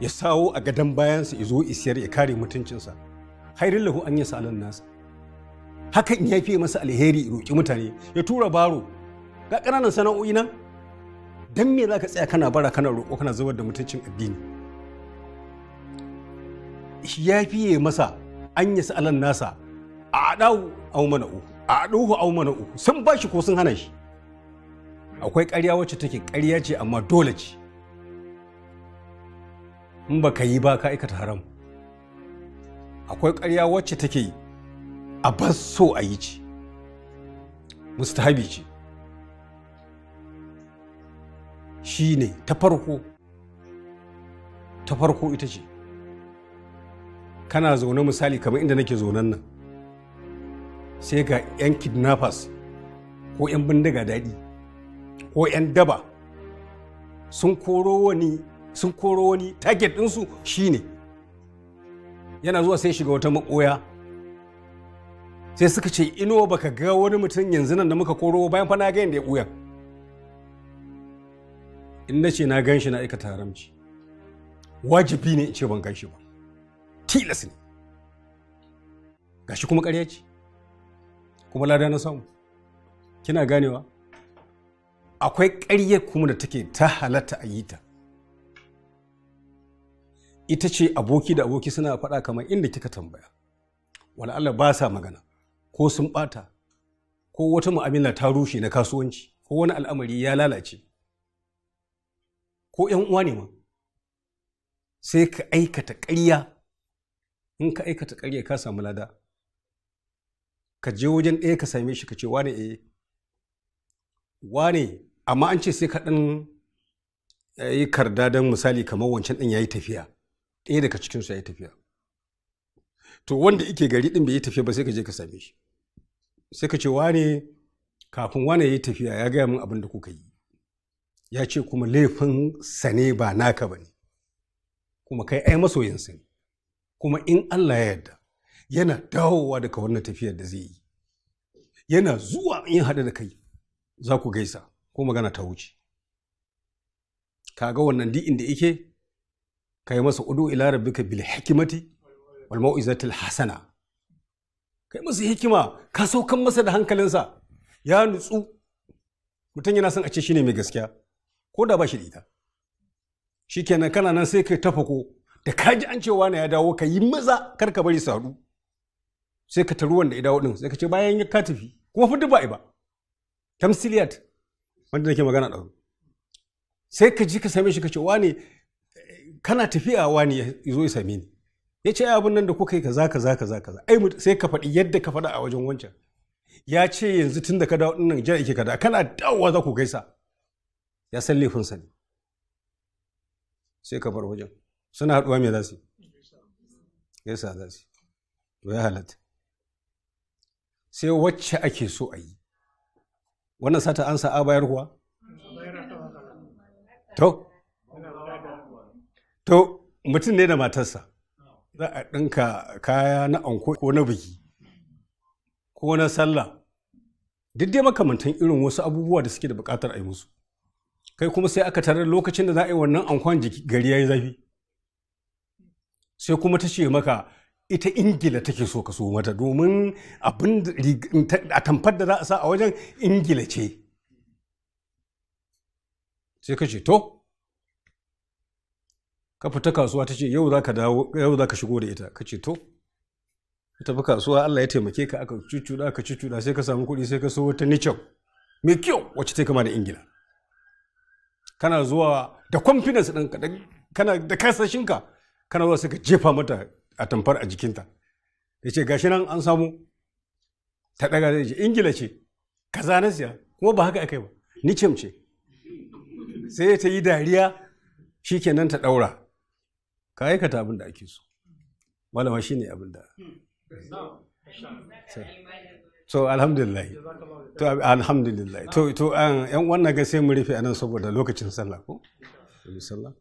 ya sawo a gadon bayansa ya zo isiyar ya kare mutuncinsa hairin lahu an yi salan nasa hakan ya fiye masa alheri roki mutane ya tura baro ga ƙananan sana'o'i nan don me za ka tsaya kana bara kana roƙo kana zubar da mutuncin addini ya fiye masa an yi sa'alan nasa a aɗahu au mana'u a aduhu au mana'u sun ba shi ko sun hana shi akwai ƙarya wacce take ƙarya ce amma dole ce in ba ka yi ba ka aikata haram akwai ƙarya wacce take a baso so a yi ce mustahabi ce shi ne ta farko ta farko ita ce kana zaune misali kamar inda nake zaunan nan sai ga 'yan kidnappers ko 'yan bindiga daɗi ko 'yan daba sun koro wani sun koro wani target ɗinsu ne yana zuwa sai shiga wata makoya sai suka ce ino baka ga wani mutum yanzu nan da muka koro bayan fana ga yadda ya ɓuya in na ce na gan shi na aikata haramci wajibi ne in ce ban gan ba tilas ne gashi kuma ƙarya ce kuma lada na samu kina ganewa akwai ƙarya kuma da take ta halatta a yi ta ita ce aboki da aboki suna faɗa kamar inda kika tambaya Allah ba sa magana ko sun ɓata ko wata mu'amala ta rushe na kasuwanci ko wani al'amari ya lalace ko ‘yan uwa ne ma sai ka aikata ƙarya in ka aikata ƙarya ka samu lada ka je wajen ɗaya ka same shi ka ce wane eh wane amma an ce sai ka ɗan eh, yi karda don misali kamar wancan ɗin ya yi tafiya ɗaya daga cikinsu ya yi tafiya to wanda ike gari ɗin bai yi tafiya ba sai ka je ka same shi sai ka ce wane kafin wane ya yi tafiya ya gaya min abin da kuka yi ya ce kuma laifin sa ne ba naka ba ne kuma kai ai masoyinsa ne kuma in Allah ya yarda yana dawowa daga wannan tafiyar da zai yi yana zuwa in haɗa da kai za ku gaisa ko magana ta wuce kaga wannan di inda yake kai masa udu ila rabbika bil hikmati wal mau'izatil hasana kai masa hikima ka saukan masa da hankalinsa ya nutsu mutum yana son a ce shine mai gaskiya ko da ba shi da ita kenan kana nan sai kai tafako da ka ji an cewa na ya dawo ka yi maza kar ka bari su haɗu sai ka taru wanda ya dawo din sai ka ce bayan ya ka tafi kuma fi ba ba tamsiliyat wanda nake magana ɗaru sai ka ji ka same shi ka ce wane kana tafiya wani ya zo ya same ni ya ce abin nan da kuka yi kaza kaza kaza kaza ai sai ka faɗi yadda ka faɗa a wajen wancan ya ce yanzu tun da ka dawo ɗin nan jira yake kada kana dawowa za ku gaisa ya san laifinsa ne sai ka bar wajen suna haɗuwa me za su yi sa za su to ya halatta sai wacce ake so a yi wannan sata an sa'a bayar kuwa to to mutum ne da matarsa za a ɗinka kaya na anko ko na biki ko na sallah duk dai makamantan irin wasu abubuwa da suke da buƙatar a yi musu kai kuma sai aka tarar lokacin da za a yi wannan ankon gari ya yi zafi sai kuma ta ce maka ita ingila take so ka so mata domin a tamfar da za a sa a wajen ingila ce sai ka ce to ka fita kasuwa ta ce yau za ka shigo da ita ka ce to ka tafi kasuwa Allah ya taimake ka aka cucuda aka cucuda sai ka samu kuɗi sai ka so wata nichon mai kyau wacce ta kama da ingila kana zuwa da confidence ka kana da kasashinka kana zuwa suka jefa mata a tamfar a jikinta ya ce gashi nan an samu ta ɗaga zai ce ingila ce kaza na siya kuma ba haka aka yi ba nicem ce sai ta yi dariya shi kenan ta ɗaura ka aikata abin da ake so malama shi ne abin da so alhamdulillah to alhamdulillah to to ah, yan wannan ga sai mu rufe anan saboda lokacin sallah ko sallah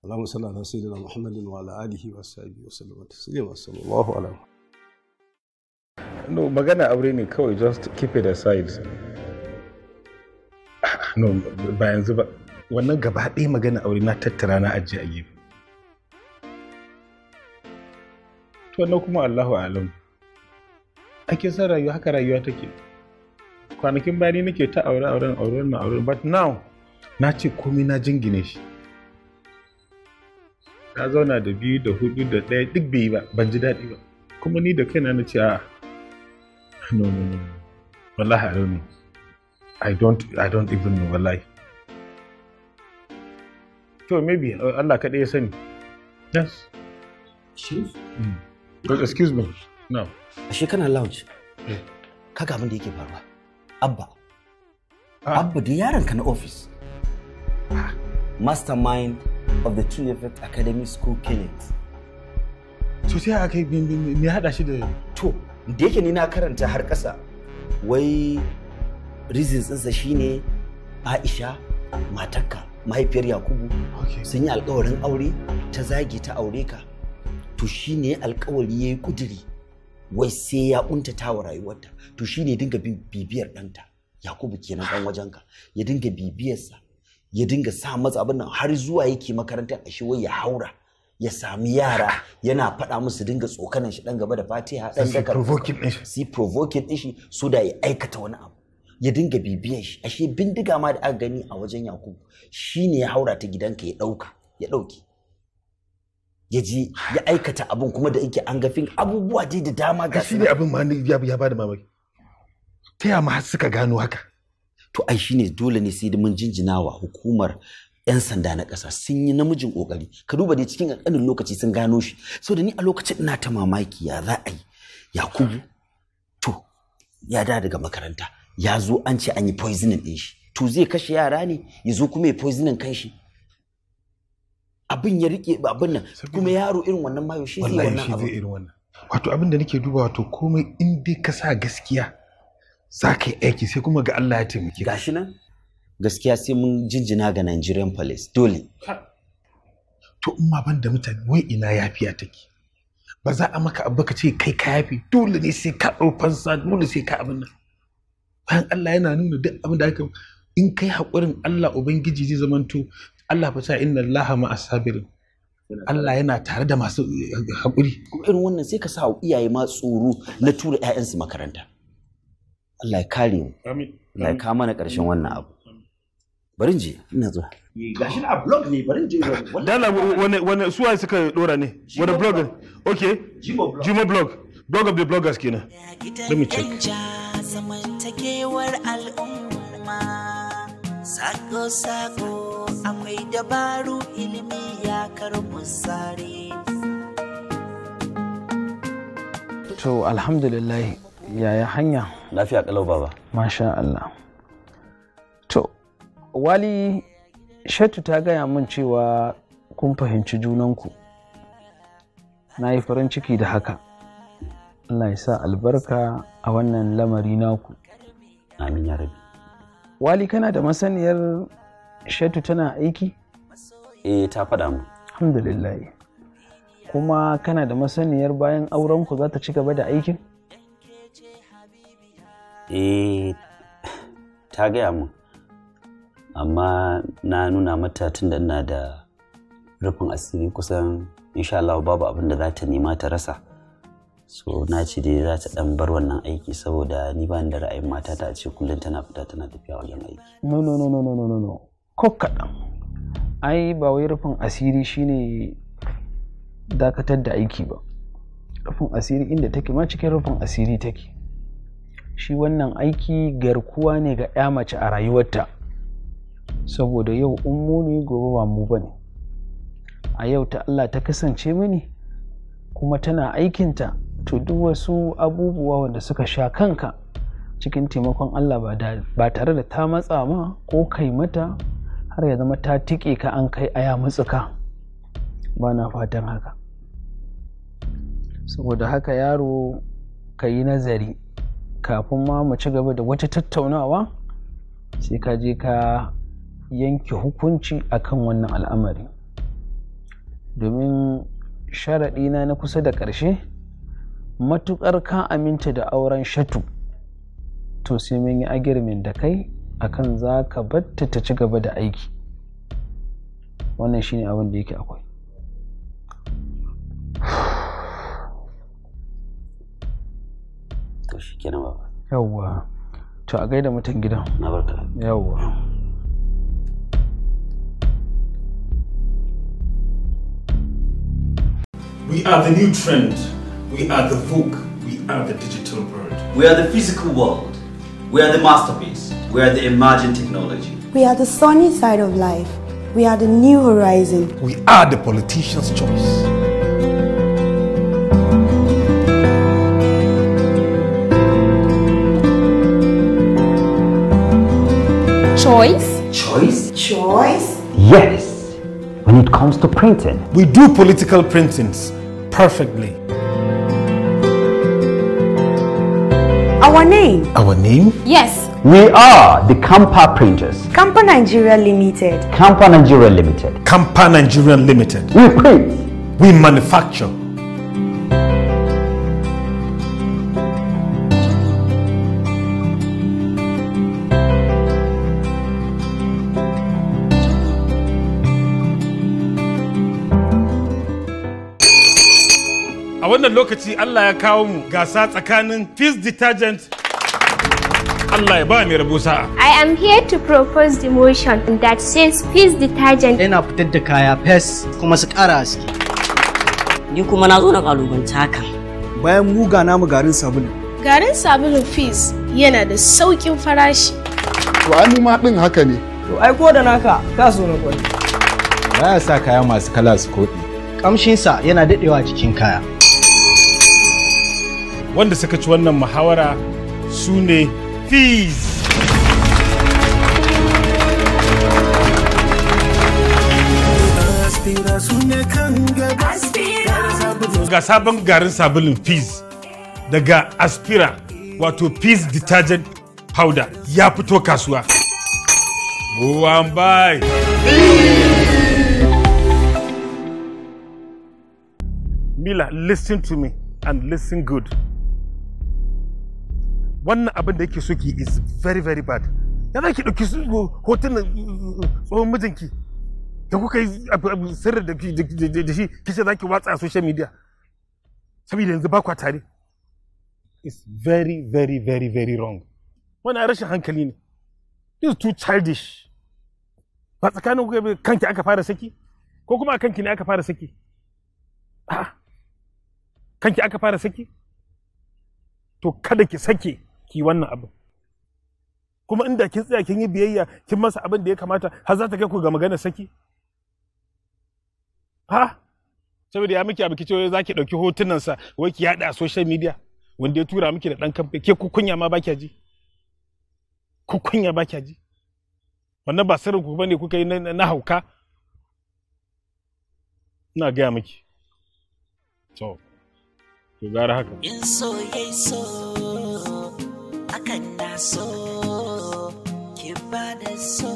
اللهم صل على wa محمد وعلى اله وصحبه وسلم تسليما صلى الله عليه no magana aure ne kawai just keep it aside no ba yanzu ba wannan gaba ɗaya magana aure na tattara na ajiye a gefe to na kuma Allahu a'lam ake son rayuwa haka rayuwa take kwanakin baya ni nake ta aure auren auren na auren but now na ce komai na jingine shi na zauna da biyu da hudu da ɗaya duk bai yi ba ban ji daɗi ba kuma ni da kaina na ce a no no no wallahi i don't know i don't i don't even know wallahi to maybe uh, Allah kaɗai ya sani yes mm. oh, Excuse me. No. ashe kana lounge eh. kaga abin da yake faruwa abba ah. abba da yaron ka na office mastermind of the true effect academy school killings to sai aka yi me hada shi da to da yake ni na karanta har kasa wai reasons ɗinsa shine aisha matarka mahaifiyar yakubu sun yi alkawarin aure ta zage ta aure ka to shine alkawari yayi yi kuduri wai sai ya ta wa rayuwarta to shine dinga bibiyar ɗanta yakubu kenan ɗan wajenka ya dinga bibiyarsa ya dinga sa masa abin nan har zuwa yake makarantar ashe wai ya haura ya sami yara yana faɗa musu dinga tsokanan shi ɗan gaba da fatiha ɗan da si provoking ɗin shi so da ya aikata wani abu ya dinga bibiyar shi ashe bindiga ma da aka gani a wajen yakubu Shi ne ya haura ta gidanka ya ɗauka ya ɗauki ya je ya aikata abin kuma da yake an gafin abubuwa dai da dama ga shi ne abin ma ya bada mamaki ta ya ma suka gano haka to ai shine dole ne sai da mun jinjinawa hukumar yan sanda na ƙasa sun yi namijin kokari ka duba dai cikin ƙanƙanin lokaci sun gano shi so da ni a lokacin ina ta mamaki ya za a yi yakubu to ya da daga makaranta ya zo an ce an yi poisoning din shi to zai kashe yara ne ya zo kuma ya poisoning kan shi abin ya rike abin nan kuma yaro irin wannan mayo shi zai wannan abin irin wannan wato abin da nake duba wato komai in dai ka sa gaskiya za ka yi aiki sai kuma ga Allah ya taimake gashi nan gaskiya sai mun jinjina ga Nigerian police dole to in ma ban da mutane wai ina yafiya take ba za a maka abu ka ce kai ka yafi dole ne sai ka ɗau fansa dole sai ka abin nan bayan Allah yana nuna duk abin da aka in kai haƙurin Allah Ubangiji zai zamanto Allah sa inna Allah ma asabirin Allah yana tare da masu haƙuri kuma irin wannan sai ka sa wa iyaye ma tsoro na tura 'ya'yansu makaranta Allah ya kare mu Allah ya kawo mana ƙarshen wannan abu barin je ina zuwa shi na blog ne barin je dala wani wani suwaye suka dora ne wani blog ne Ok. jimo blog blog of the bloggers kenan let me check zamantakewar al'umma sako-sako akwai dabaru ilimi ya karbu sare to alhamdulillah yaya hanya lafiya kalau baba masha Allah to wali shatu ta gaya mun cewa kun fahimci junanku na yi farin ciki da haka Allah ya sa albarka a wannan lamari naku amin ya rabi wali kana da masaniyar shetu tana aiki e ta faɗa mu alhamdulillah kuma kana da masaniyar bayan aurenku ku za ta ci gaba da aikin e ta gaya mu amma na nuna mata tunda ina da rufin asiri kusan insha Allah babu abin da za ta nema ta rasa so na ce dai za ta dan bar wannan aiki saboda ni ba da ra'ayin mata ta ce kullum tana fita tana tafiya wajen aiki no no no no no no no ko kaɗan ai ba wai rufin asiri shine dakatar da aiki ba rufin asiri inda take ma cikin rufin asiri take shi wannan aiki garkuwa ne ga ya mace a rayuwarta saboda yau in mu ne gobe ba mu bane a yau ta Allah ta kasance mini kuma tana aikinta to duk wasu abubuwa wanda suka sha kanka cikin taimakon Allah ba tare da ta matsa ma ko kai mata har ya zama ta tike ka an kai aya mutsuka ba na fatan haka saboda haka yaro ka yi nazari kafin ma mu ci gaba da wata tattaunawa sai ka je ka yanke hukunci akan wannan al'amari domin sharaɗina na kusa da ƙarshe matuƙar ka aminta da auren shatu to sai mun yi agirmin da kai akan za ka batta ta ci gaba da aiki wannan shine abin da yake akwai to shi kenan baba yawwa to a gaida mutan gidan na barka yawwa We are the new trend. We are the book. We are the digital world. We are the physical world. We are the masterpiece. We are the emerging technology. We are the sunny side of life. We are the new horizon. We are the politician's choice. Choice? Choice? Choice? Yes! When it comes to printing, we do political printings perfectly. our name. Our name? Yes. We are the Kampa Printers. Kampa Nigeria Limited. Kampa Nigeria Limited. Kampa Nigeria Limited. We print. We manufacture lokaci Allah ya kawo mu gasa tsakanin Fizz Detergent Allah ya ba mai rabo sa'a. I am here to propose the motion that says Fizz Detergent yana fitar da kaya fes kuma su ƙara aski. Ni kuma na zo na ƙalubanta ka. Bayan muga namu garin sabulu. Garin sabulun Fizz yana da sauƙin farashi. To an ma ɗin haka ne. To ai ko da naka ka so na Ba Baya sa kaya masu kala su koɗi. sa yana daɗewa cikin kaya. wanda suka ci wannan muhawara su ne fees ga sabon garin sabulin fees daga aspira wato fees detergent powder ya fito kasuwa go and buy mila listen to me and listen good wannan abin da yake so ki is very very bad ya za ki ɗauki hotunan tsohon mijinki da kuka yi sirri da shi kice za ki watsa a social media saboda yanzu ba kwa tare is very very very very wrong wani rashin hankali ne is too childish ba tsakanin kanki aka fara saki ko kuma kanki ne aka fara saki kanki aka fara saki to kada ki sake ki wannan abin kuma inda kin tsaya kin yi biyayya kin masa abin da ya kamata har za ta kai ku ga magana saki ha saboda ya miki abu ki ce za ki ɗauki sa wai ki yaɗa a social media wanda ya tura miki da ɗan kamfe ke kunya ma ba kya ji kunya ba kya ji wannan ba sirrin ku bane kuka yi na hauka ina gaya miki to to gara haka in so yayi so so ki so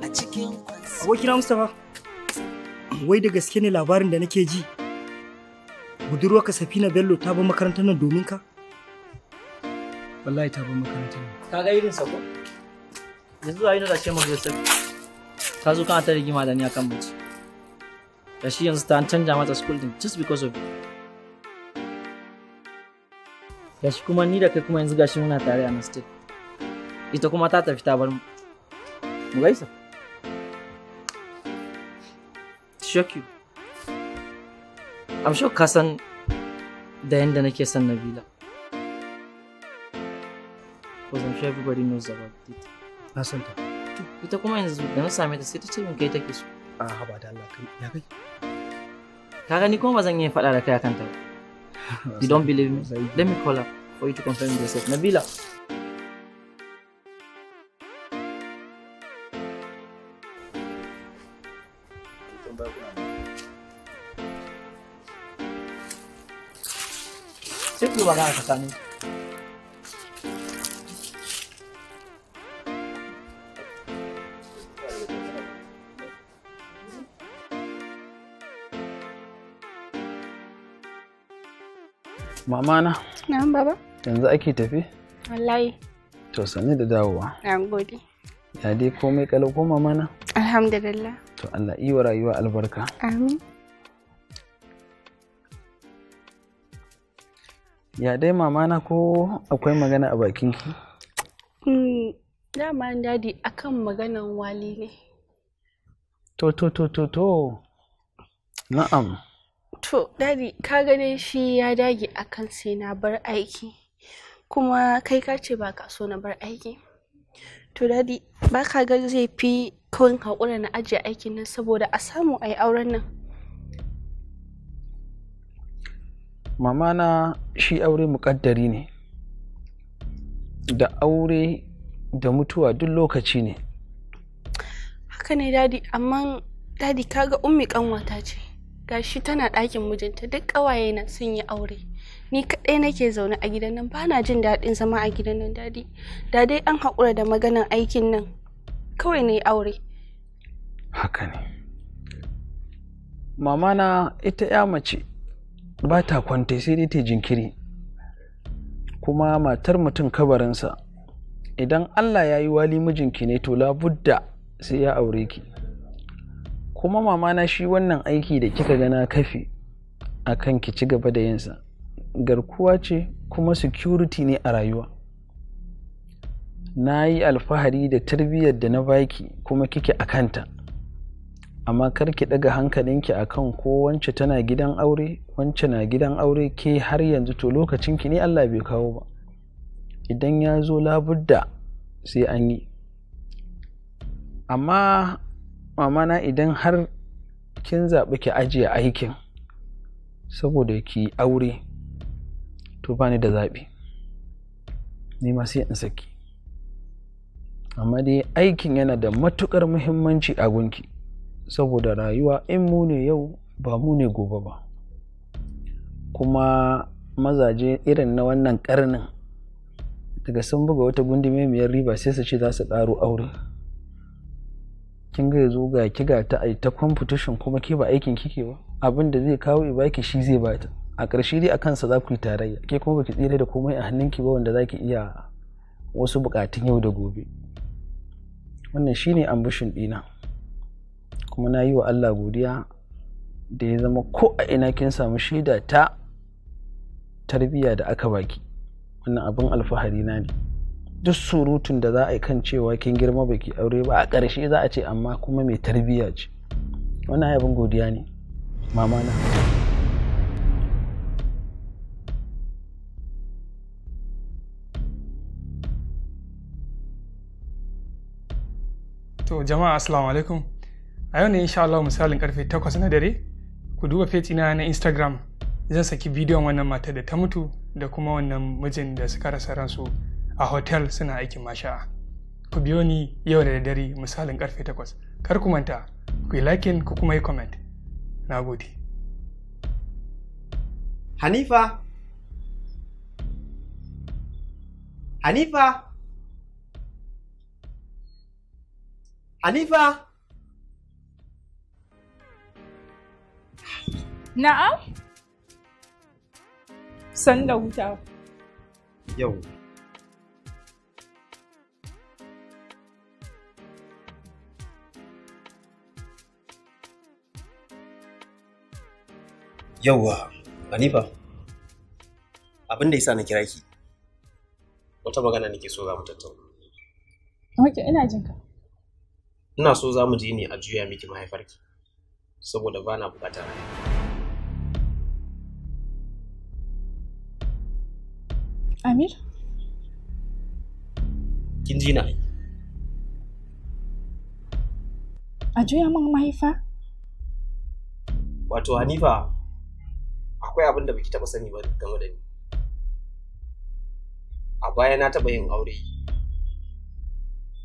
a cikin abokina mustapha wai da gaske ne labarin da nake ji budurwarka safina bello ta ba makarantar nan domin ka wallahi ta ba makarantar nan ka ga irin sako yanzu a yi na ce maka yusuf ta zo kan ta rigima da ni akan mace da shi yanzu ta canja mata school din just because of you gashi kuma ni da kai kuma yanzu gashi muna tare a mistake ita kuma ta tafi ta bar mu mu gaisa shock you i'm sure ka san da yanda nake son nabila because i'm sure everybody knows about it na san ta ita kuma yanzu da na same ta sai ta ce min kai take so a ah, haba da Allah kai ya kai ka gani kuma ba zan iya faɗa da kai akan ta ba you don't believe me? Let me call her for you to confirm yourself. Nabila. Sai ku Mama na. Na'am baba. Yanzu ake tafi? Wallahi. To sani da dawowa. na'am gode. Ya dai komai kalau ko mama na? Alhamdulillah. To Allah yi rayuwa albarka. Amin. Ya dai mama na ko akwai magana a bakin ki? Mm, dama dadi akan maganan wali ne. To to to to to. Na'am. to dadi ka gane shi ya dage a kan sai na bar aiki kuma kai ka ce ba ka so na bar aiki to dadi ba ka ga zai fi kawai haƙura na ajiye aikin nan saboda a samu a yi auren nan mama na shi aure muƙaddari ne da aure da mutuwa duk lokaci ne haka ne dadi amma dadi kaga ummi kanwata ce gashi tana ɗakin mijinta duk ƙawaye na sun yi aure ni kaɗai nake zaune a gidan nan bana jin daɗin zama a gidan nan dadi da dai an haƙura da maganan aikin nan kawai na yi aure haka ne mama na ita ya mace ba ta kwanta sai dai ta jinkiri kuma matar mutum kabarinsa idan allah ya yi wali mijinki ne to labudda sai ya aure ki kuma mamana shi wannan aiki da kika gana kafi a kan ki ci gaba da yinsa garkuwa ce kuma security ne a rayuwa na yi alfahari da tarbiyyar da na baki kuma kike a kanta amma kar ki ɗaga hankalinki a kan ko wance tana gidan aure wance na gidan aure ke har yanzu to lokacinki ne allah bai kawo ba idan ya zo labudda sai an yi amma mamana idan har kin zaɓi ki ajiye aikin saboda ki aure to ba ni da zaɓi ni ma sai in saki amma dai aikin yana da matuƙar muhimmanci a gunki saboda rayuwa in mu ne yau ba mu ne gobe ba kuma mazaje irin na wannan ƙarnin daga sun buga wata gundumemiyar riba sai su ce za su ƙaro aure kin ga zo ga kiga ta ai ta competition kuma ke ba aikin kike ba abin da zai kawo ibaki shi zai bata a ƙarshe dai a kansa za ku yi tarayya ke kuma baki tsira da komai a hannunki ba wanda za ki iya wasu buƙatun yau da gobe wannan shine ambushin ɗina kuma na yi wa Allah godiya da ya zama ko a ina kin samu shaida ta tarbiyya da aka baki wannan abin alfahari na ne duk surutun da za a yi kan cewa kin girma baki aure ba a ƙarshe za a ce amma kuma mai tarbiyya ce wannan abin godiya ne mama na to jama'a assalamu alaikum a yau ne insha Allah misalin karfe 8 na dare ku duba feji na na Instagram zan saki bidiyon wannan mata da ta mutu da kuma wannan mijin da suka rasa ransu a hotel suna aikin masha'a ku biyo ni yau da dare misalin karfe 8 kar ku manta ku yi likin ku kuma yi comment na gode hanifa hanifa hanifa na'am sanda hutawa yau Yawwa, Hanifa. Abin da sa na kira ki. Wata magana nake so za mu tattauna. Ok, ina jin ka. Ina so za mu je ne a juya miki mahaifarki. Saboda ba na bukatar Amir? Kin ji na A juya min mahaifa? Wato Hanifa, akwai abin da baki taɓa sani ba game da ni a baya na taba yin aure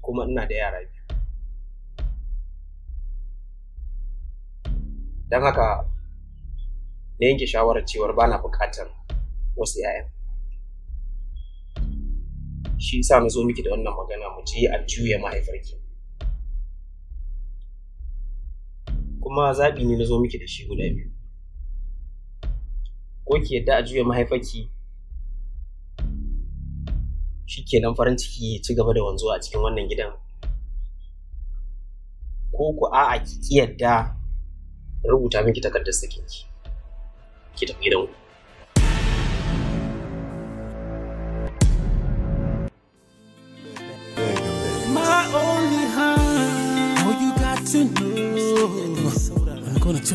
kuma ina da yara biyu don haka na yanke shawarar cewar ba na buƙatar wasu 'ya'yan shi yasa na zo miki da wannan magana mu je a juya mahaifarki kuma zaɓi ne na zo miki da shi guda biyu ko ki yadda a juya mahaifarki nan farin ciki ya ci gaba da wanzuwa a cikin wannan gidan ko ku a ki yadda rubuta miki takardar sakinki ki tafi gidanku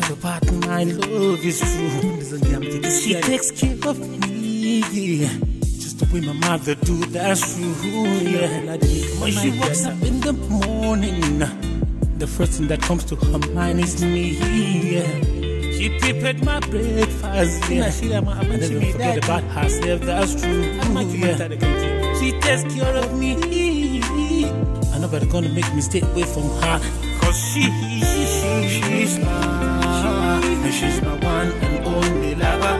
the part my love is true. She takes care of me, yeah. Just the way my mother do, that's true, yeah. When she wakes up in the morning, the first thing that comes to her mind is me, yeah. She prepared my breakfast, yeah. And then not forget about herself, that's true, yeah. She takes care of me. I nobody gonna make me stay away from her. Cause she, she, she she's mine she's my one and only lover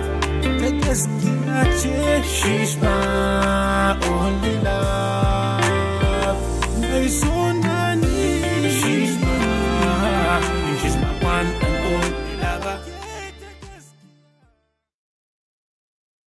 Ta gaskiya ce she's my only love Mai soon.